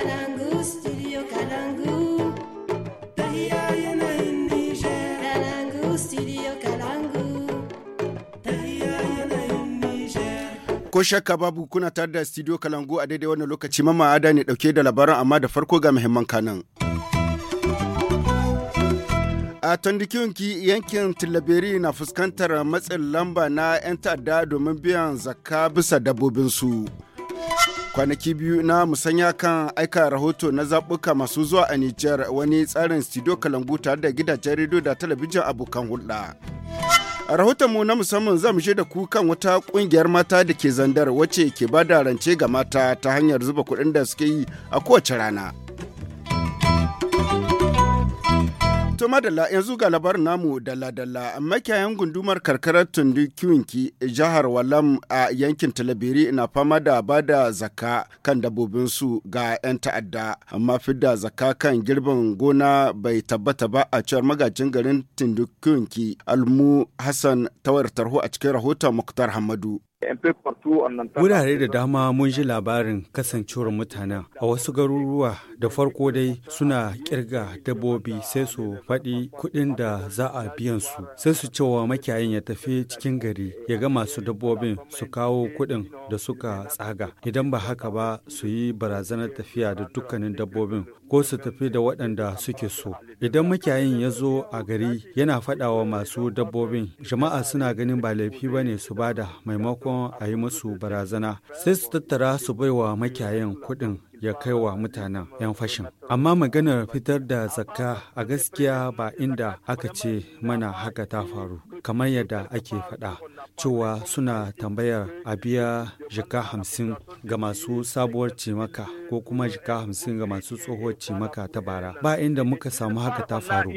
Kalangu, Ko shakka babu kuna tare da studio Kalangu a daidai wannan lokaci mamma ada ne dauke da labaran amma da farko ga muhimman kanan. a tondikinki yankin tilabiri na fuskantar matsin lamba na 'yan ta'adda domin biyan zakka bisa dabbobinsu. su kwanaki biyu na musanya kan aika rahoto na zaɓuka masu zuwa a Nijar wani tsarin studio kalangu tare da gidajen rediyo da talabijin abokan hulɗa. A rahotonmu na musamman za mu da ku kan wata ƙungiyar mata da ke zandar wacce ke ba da rance ga mata ta hanyar zuba kuɗin da suke yi a kowace rana. To madalla yanzu ga labarin namu dalla-dalla makiyayan gundumar karkarar tundu kiwinki jihar Walam a yankin Talabiri na fama da bada zaka kan su ga 'yan ta'adda amma fidda zaka kan girbin gona bai tabbata ba a cewar magajin garin tundu kiwinki Almu Hassan tawar tarho a cikin rahoton Muktar Hamadu. Wurare da dama mun ji labarin kasancewar mutane a wasu garuruwa da farko dai suna kirga dabbobi sai su faɗi kuɗin da za a biyan su sai su cewa makiyayin ya tafi cikin gari ya ga masu dabbobin su kawo kuɗin da suka tsaga idan ba haka ba su yi barazanar tafiya da dukkanin dabbobin ko su tafi da waɗanda suke so. Idan makiyayin ya zo a gari yana faɗawa masu dabbobin, jama'a suna ganin ba laifi ba ne su bada maimakon a yi musu barazana. Sai su tattara su bai wa makiyayin kuɗin ya kai wa mutanen 'yan fashin. Amma maganar fitar da zakka a gaskiya ba inda aka ce mana haka ta faru, kamar yadda ake faɗa. cewa suna tambayar a biya jika hamsin ga masu sabuwar cimaka ko kuma jika hamsin ga masu tsohuwar cimaka ta bara ba inda muka samu haka ta faru.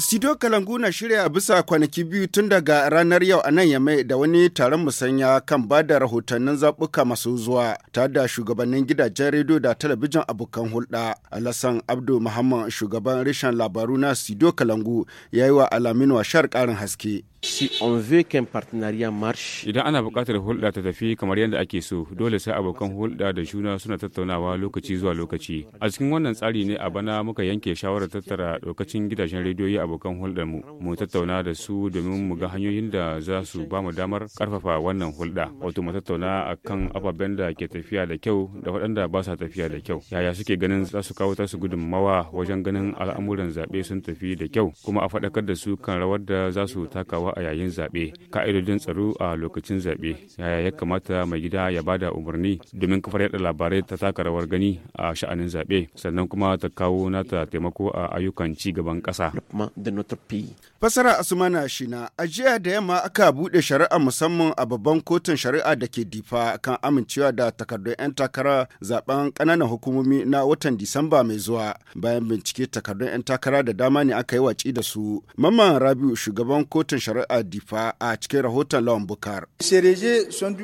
Studio Kalangu na shirya bisa kwanaki biyu tun daga ranar yau a nan Yamai da wani taron musanya kan ba da rahotannin zaɓuka masu zuwa ta da shugabannin gidajen rediyo da talabijin abokan hulɗa. Alassan Abdu Muhammad shugaban reshen labaru na Studio Kalangu ya yi wa Alamin Washar ƙarin haske. si on Idan ana buƙatar hulɗa ta tafi kamar yadda ake so, dole sai abokan hulɗa da juna suna tattaunawa lokaci zuwa lokaci. A cikin wannan tsari ne a bana muka yanke shawarar tattara lokacin gidajen rediyoyi abokan hulɗar mu, mu tattauna da su domin mu ga hanyoyin da za su ba mu damar ƙarfafa wannan hulɗa. Wato mu tattauna a kan ababen da ke tafiya da kyau da waɗanda ba sa tafiya da kyau. Yaya suke ganin za su kawo tasu gudunmawa wajen ganin al'amuran zaɓe sun tafi da kyau, kuma a faɗakar da su kan rawar da za su takawa a yayin zaɓe ka'idodin tsaro a lokacin zaɓe yaya ya kamata mai gida ya ba da umarni domin kafar yada labarai ta taka rawar gani a sha'anin zaɓe sannan kuma ta kawo nata taimako a ayyukan ci gaban ƙasa. Fasara Asumana Shina a jiya da yamma aka buɗe shari'a musamman a babban kotun shari'a da ke difa kan amincewa da takardun 'yan takara zaben ƙananan hukumomi na watan Disamba mai zuwa bayan bincike takardun 'yan takara da dama ne aka yi watsi da su. Mamman Rabiu shugaban kotun shari'a shari'ar difa a cikin rahoton lawan bukar.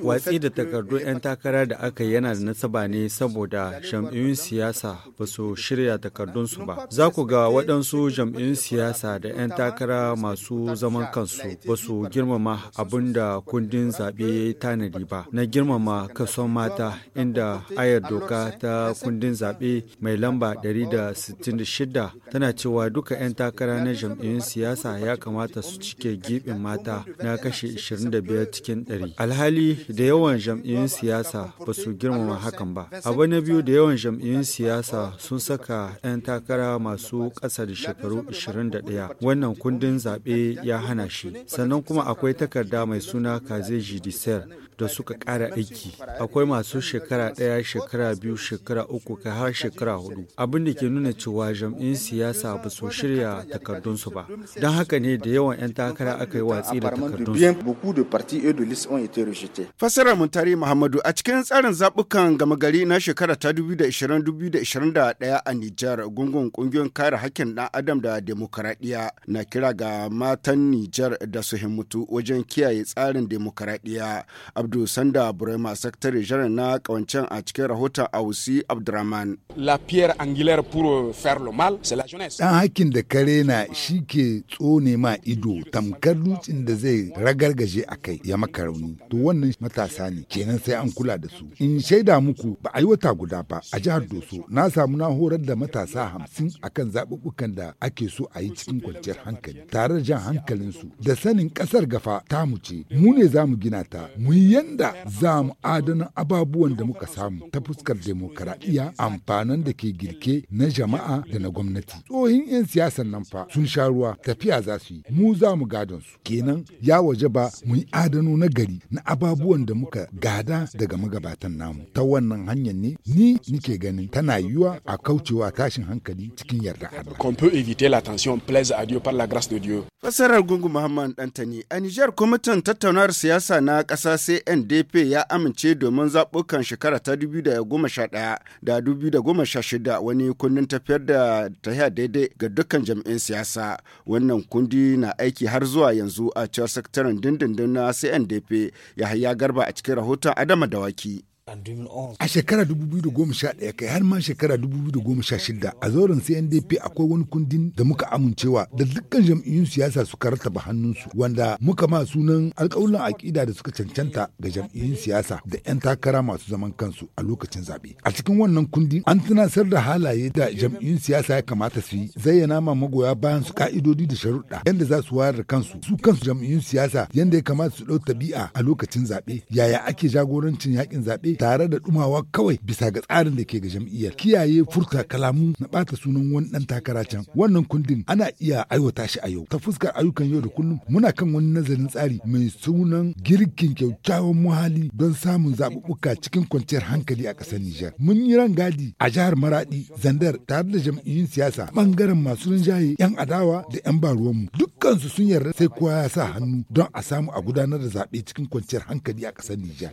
watsi da takardun 'yan takara da aka yana da nasaba ne saboda jam'iyyun siyasa ba su shirya takardunsu ba za ku ga waɗansu jam'iyyun siyasa da 'yan takara masu zaman kansu ba su girmama abin da kundin zaɓe ya yi tanadi ba na girmama kason mata inda ayar doka ta kundin zaɓe mai lamba 166 tana cewa duka 'yan takara na jam'iyyun siyasa ya kamata su cike in mata na kashe 25 cikin 100 alhali da yawan jam'iyyun siyasa ba su girmama hakan ba abu na biyu da yawan jam'iyyun siyasa sun saka 'yan takara masu ƙasa da shekaru 21 wannan kundin zaɓe ya hana shi sannan kuma akwai takarda mai suna kazeji diser da suka ƙara aiki akwai masu shekara ɗaya shekara biyu shekara uku ka har shekara hudu abin da ke nuna cewa jam'iyyun siyasa ba su shirya takardunsu ba don haka ne da yawan 'yan takara aka aka yi watsi da takardun. Fasarar Muntari Muhammadu a cikin tsarin zabukan gama gari na shekara ta 2020-2021 a Nijar gungun ƙungiyoyin kare hakkin ɗan adam da demokaradiyya na kira ga matan Nijar da su himmutu wajen kiyaye tsarin demokaradiyya. Abdu Sanda Burema Sakatare Jiran na kawancen a cikin rahoton Ausi Abdurrahman. La pierre angulaire pour faire le mal, c'est la jeunesse. Dan hakkin da kare na shi ke tsone ma ido tamkar dutsen da zai ragargaje a kai ya maka rauni to wannan matasa ne kenan sai an kula da su in shaida muku ba a yi wata guda ba a jihar doso na samu na horar da matasa hamsin akan zaɓuɓɓukan da ake so a yi cikin kwanciyar hankali tare da jan hankalin su. da sanin ƙasar gafa ta mu ce mu ne za mu gina ta mu yi yanda za mu adana ababuwan da muka samu ta fuskar demokaradiyya amfanin da ke girke na jama'a da na gwamnati tsohin 'yan siyasan nan fa sun sha ruwa tafiya za su yi mu za mu gadon su kenan ya waje ba mu yi adano na gari na ababuwan da muka gada daga magabatan namu ta wannan hanyar ne ni nike ganin tana yiwa a kaucewa tashin hankali cikin yarda Fasarar Gungu Muhammad Dantani a Nijar kwamitin tattaunawar siyasa na ƙasa CNDP ya amince domin zaɓukan shekara ta 2011 da 2016 wani kundin tafiyar da ta daidai ga dukkan jam'in siyasa. Wannan kundi na aiki har zuwa yanzu. yanzu a cewar sakataren dindindin na CNDP Yahaya Garba a cikin rahoton Adama Dawaki. A shekara 2011 kai har ma shekara 2016 a zauren CNDP akwai wani kundin da muka amincewa da dukkan jam'iyyun siyasa suka rattaba hannunsu wanda muka ma sunan alƙawulan aƙida da suka cancanta ga jam'iyyun siyasa da 'yan takara masu zaman kansu a lokacin zaɓe. A cikin wannan kundin an tunasar da halaye da jam'iyyun siyasa ya kamata su yi zayyana ma magoya bayan su ka'idodi da sharuɗa yadda za su wayar da kansu su kansu jam'iyyun siyasa yadda ya kamata su ɗau tabi'a a lokacin zaɓe yaya ake jagorancin yaƙin zaɓe tare da ɗumawa kawai bisa ga tsarin da ke ga jam'iyyar. Kiyaye furta kalamu na ɓata sunan wani ɗan takara can. Wannan kundin ana iya aiwata shi a yau. Ta fuskar ayyukan yau da kullum muna kan wani nazarin tsari mai sunan girkin kyaukyawan muhali don samun zaɓuɓɓuka cikin kwanciyar hankali a ƙasar Nijar. Mun yi gadi a jihar Maraɗi, Zandar tare da jam'iyyun siyasa ɓangaren masu rinjaye 'yan adawa da 'yan baruwanmu. Dukkansu sun yarda sai kowa ya sa hannu don a samu a gudanar da zaɓe cikin kwanciyar hankali a ƙasar Nijar.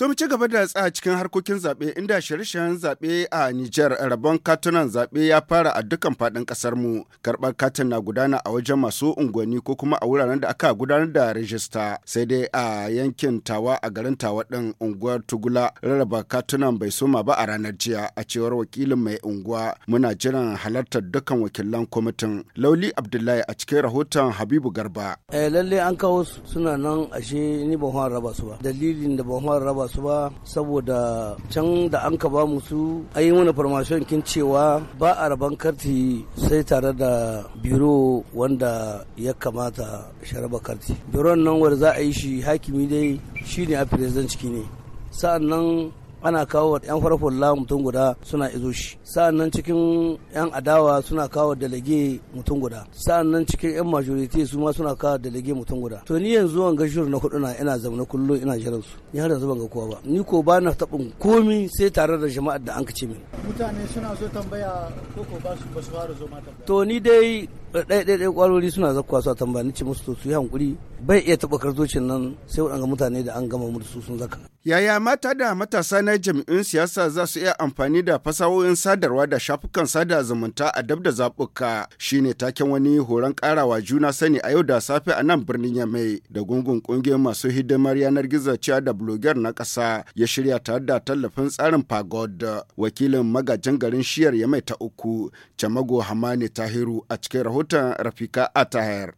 To mu ci gaba da tsa cikin harkokin zaɓe inda shirye-shiryen zaɓe a Nijar rabon katunan zaɓe ya fara a dukkan faɗin ƙasar mu. Karɓar katin na gudana a wajen masu unguwanni ko kuma a wuraren da aka gudanar da rajista. Sai dai a yankin Tawa a garin Tawa ɗin unguwar Tugula rarraba katunan bai soma ba a ranar jiya a cewar wakilin mai unguwa muna jiran halartar dukkan wakilan kwamitin. Lauli Abdullahi a cikin rahoton Habibu Garba. Eh lalle an kawo suna nan ashe ni ban raba su ba. Dalilin da ban raba su ba saboda can da an ka ba mu su an yi mana farmashon kin cewa ba a rabon karti sai tare da biro wanda ya kamata sharaba karti biron nan wanda za a yi shi hakimi dai shi ne a ciki ne sa'an nan ana kawo yan la mutum guda suna izo shi nan cikin yan adawa suna kawo dalage mutum guda nan cikin yan majority su ma suna kawo dalage mutum guda to ni yanzu an ga shur na kudu na ina zaune kullum ina jiran su ni har yanzu ban ga kowa ba ni ko ba na tabin komi sai tare da jama'ar da an kace min mutane suna zo tambaya ko ko ba su ba su fara zo ma tambaya to ni dai ɗaiɗaiɗai ƙwarori suna zakkuwa su a tambani ce musu su yi hankuri bai iya taɓa karzocin nan sai waɗanga mutane da an gama musu sun zaka. Yaya mata da matasa na jami'in siyasa za su iya amfani da fasahohin sadarwa da shafukan sada zumunta a dab da zaɓuka shine taken wani horon ƙarawa juna sani a yau da safe a nan birnin Yamai da gungun ƙungiyar masu hidimar yanar gizo cewa da blogger na ƙasa ya shirya tare da tallafin tsarin pagod wakilin magajin garin shiyar Yamai ta uku Chamago Hamani Tahiru a cikin rahoton rahoton Rafika Atahayar.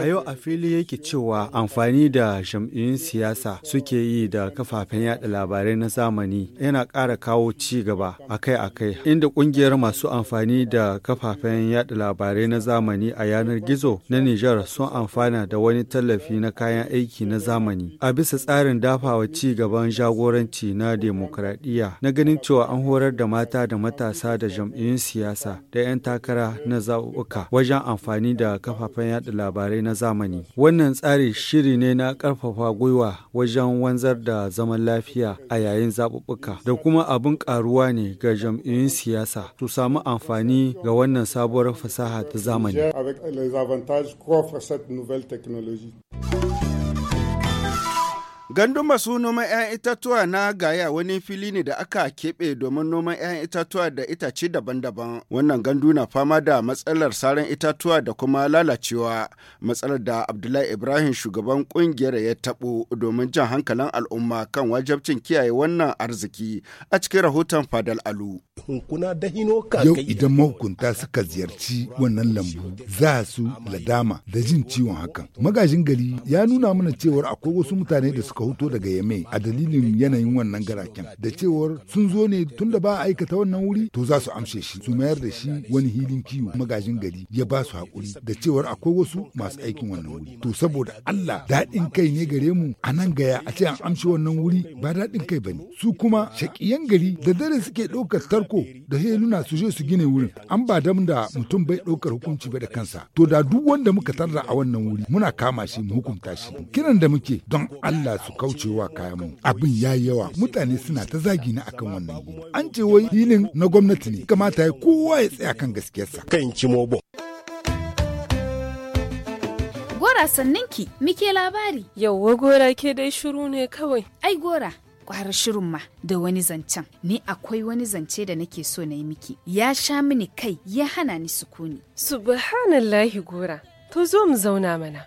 A yau a fili yake cewa amfani da jam'iyyun siyasa suke yi da kafafen yada labarai na zamani yana ƙara kawo ci gaba akai-akai inda ƙungiyar masu amfani da kafafen yada labarai na zamani a yanar gizo na Nijar sun amfana da wani tallafi na kayan aiki na zamani a bisa tsarin dafawa ci gaban jagoranci na demokradiyya na ganin cewa an horar da mata da matasa da jam'iyyun siyasa da 'yan takara na zaɓuɓɓuka wajen amfani da kafafen yada labarai na zamani. Wannan tsari shiri ne na ƙarfafa gwiwa wajen wanzar da zaman lafiya a yayin zaɓuɓɓuka da kuma abin ƙaruwa ne ga jam'iyyun siyasa su samu amfani ga wannan sabuwar fasaha ta zamani. Gandun masu noman 'ya'yan itatuwa na gaya wani fili ne da aka keɓe domin noman 'ya'yan itatuwa da itace daban-daban. Wannan gandu na fama da matsalar saran itatuwa da kuma lalacewa, matsalar da Abdullahi Ibrahim shugaban kungiyar ya taɓo domin jan hankalin al'umma kan wajabcin kiyaye wannan arziki a cikin rahoton Fadal Alu. Yau idan mahukunta suka ziyarci wannan lambu za su ladama da jin ciwon hakan. Magajin gari ya nuna mana cewar akwai wasu mutane da suka suka huto daga yame a dalilin yanayin wannan garaken da cewar sun zo ne tun da ba a aikata wannan wuri to za su amshe shi su mayar da shi wani hilin kiwo magajin gari ya ba su haƙuri da cewar akwai wasu masu aikin wannan wuri to saboda Allah daɗin kai ne gare mu a nan gaya a ce an amshe wannan wuri ba daɗin kai bane su kuma shaƙiyan gari da dare suke ɗaukar tarko da heluna su je su gine wurin an ba dam da mutum bai ɗaukar hukunci ba da kansa to da duk wanda muka tarra a wannan wuri muna kama shi mu hukunta shi kiran da muke don Allah su su kaucewa kayanmu. Abin ya yi yawa mutane suna ta zagi na akan wannan hili. An ce wai hilin na gwamnati ne kamata ya kowa ya tsaya kan gaskiyarsa. Kan mobo Gora ki, muke labari. Yauwa gora ke dai shiru ne kawai. Ai gora, kwara shirin ma da wani zancen ni akwai wani zance da nake so na yi miki ya sha mini kai ya hana ni sukuni subhanallahi gora to zo mu zauna mana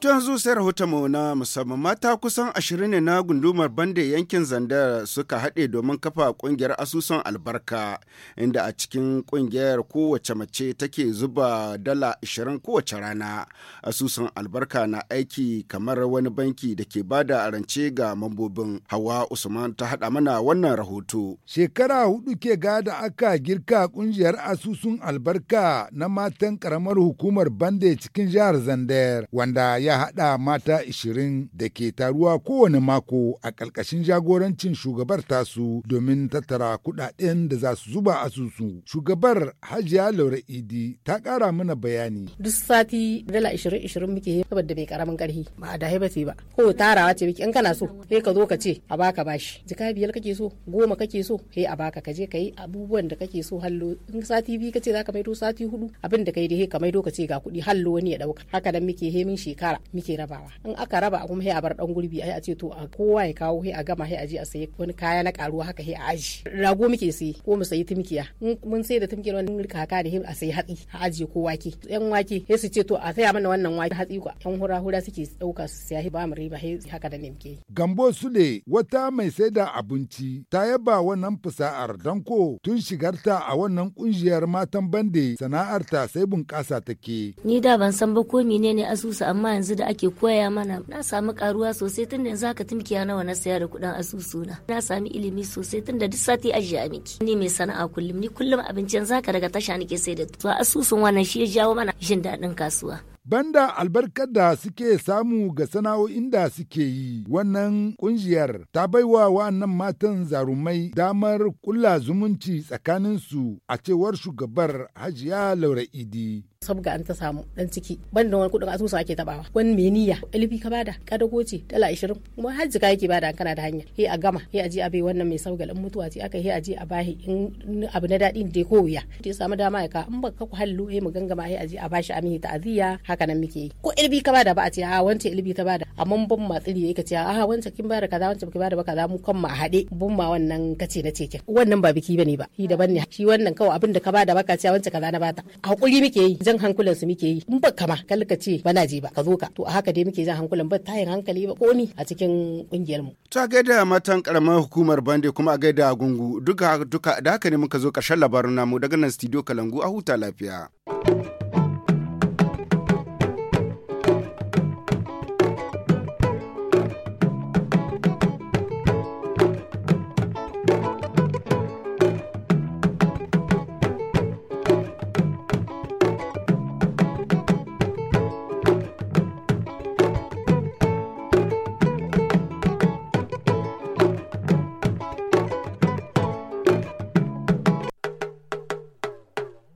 To yanzu sai rahoton na musamman mata kusan ashirin ne na gundumar bande yankin zandar suka haɗe domin kafa ƙungiyar asusun albarka inda a cikin ƙungiyar kowace mace take zuba dala ashirin kowace rana. Asusun albarka na aiki kamar wani banki da ke bada rance ga mambobin Hawa Usman ta haɗa mana wannan rahoto. Shekara hudu ke gada aka girka ƙungiyar asusun albarka na matan ƙaramar hukumar bande cikin jihar Zandar wanda ya haɗa mata 20 da ke taruwa kowane mako a ƙarƙashin jagorancin shugabar tasu domin tattara kuɗaɗen da za su zuba asusu. Shugabar Hajiya Laura Idi ta ƙara mana bayani. Duk sati dala 20-20 muke saboda bai karamin ƙarfi ba a dahi ba ba. Ko tarawa ce in kana so sai ka zo ka ce a baka bashi. Jika biyar kake so goma kake so sai a baka ka je ka yi abubuwan da kake so hallo in sati biyu kace za ka maido sati hudu abin da kai dai ka maido ka ce ga kuɗi hallo wani ya ɗauka haka dan muke hemin shekara muke rabawa in aka raba kuma sai a bar dan gurbi ai a ce to a kowa ya kawo sai a gama sai a je a sayi wani kaya na karuwa haka sai a aji rago muke sayi ko mu sayi tumkiya mun sayi da tumkiya wani haka da sai a sayi hatsi a aji ko wake yan wake sai su ce to a saya mana wannan wake hatsi ko yan hura hura suke dauka su saya ba mu riba sai haka da ne muke gambo sule wata mai sai da abinci ta yaba wannan fasa'ar don ko tun shigarta a wannan kungiyar matan bande sana'arta sai bunƙasa take ni da ban san ba ko menene asusu amma yanzu yanzu da ake koya mana na samu karuwa sosai tun da yanzu haka tumkiya nawa na saya da kuɗin asusuna na sami ilimi sosai tun da duk sati jiya miki ni mai sana'a kullum ni kullum abincin zaka daga tasha nake sai da to asusun wannan shi ya jawo mana jin daɗin kasuwa banda albarkar da suke samu ga sana'o'in da suke yi wannan kungiyar ta baiwa wa'annan matan zarumai damar kulla zumunci tsakaninsu a cewar shugabar hajiya laura idi sabga an ta samu dan ciki banda wani kudin asusu ake tabawa wani mai niyya alifi ka bada kadago ce dala 20 kuma har ka yake bada kana da hanya he a gama he a je a bai wannan mai sabga dan mutuwa ce aka he a je a bahi in abu na dadi da ko wuya ya samu dama ya ka in baka ku hallu he mu gangama he a je a bashi amihi ta'aziyya haka nan muke yi ko ilbi ka bada ba a ce a wance ilbi ta bada amma ban matsiri yake ce a wance kin bada kaza wance baki bada ba kaza mu kan mu a haɗe bun ma wannan kace na cikin wannan ba biki bane ba shi daban ne shi wannan kawai abin da ka bada baka ce wance kaza na bata hakuri muke yi jan hankulan su muke yi in ba kama kalli ka ce bana je ba ka zo ka to a haka dai muke jan hankulan ba ta tayin hankali ba komi a cikin kungiyar mu ta gaida matan karamar hukumar bande kuma a gaida gungu duka duka da haka ne muka zo karshen labarin namu daga nan studio kalangu a huta lafiya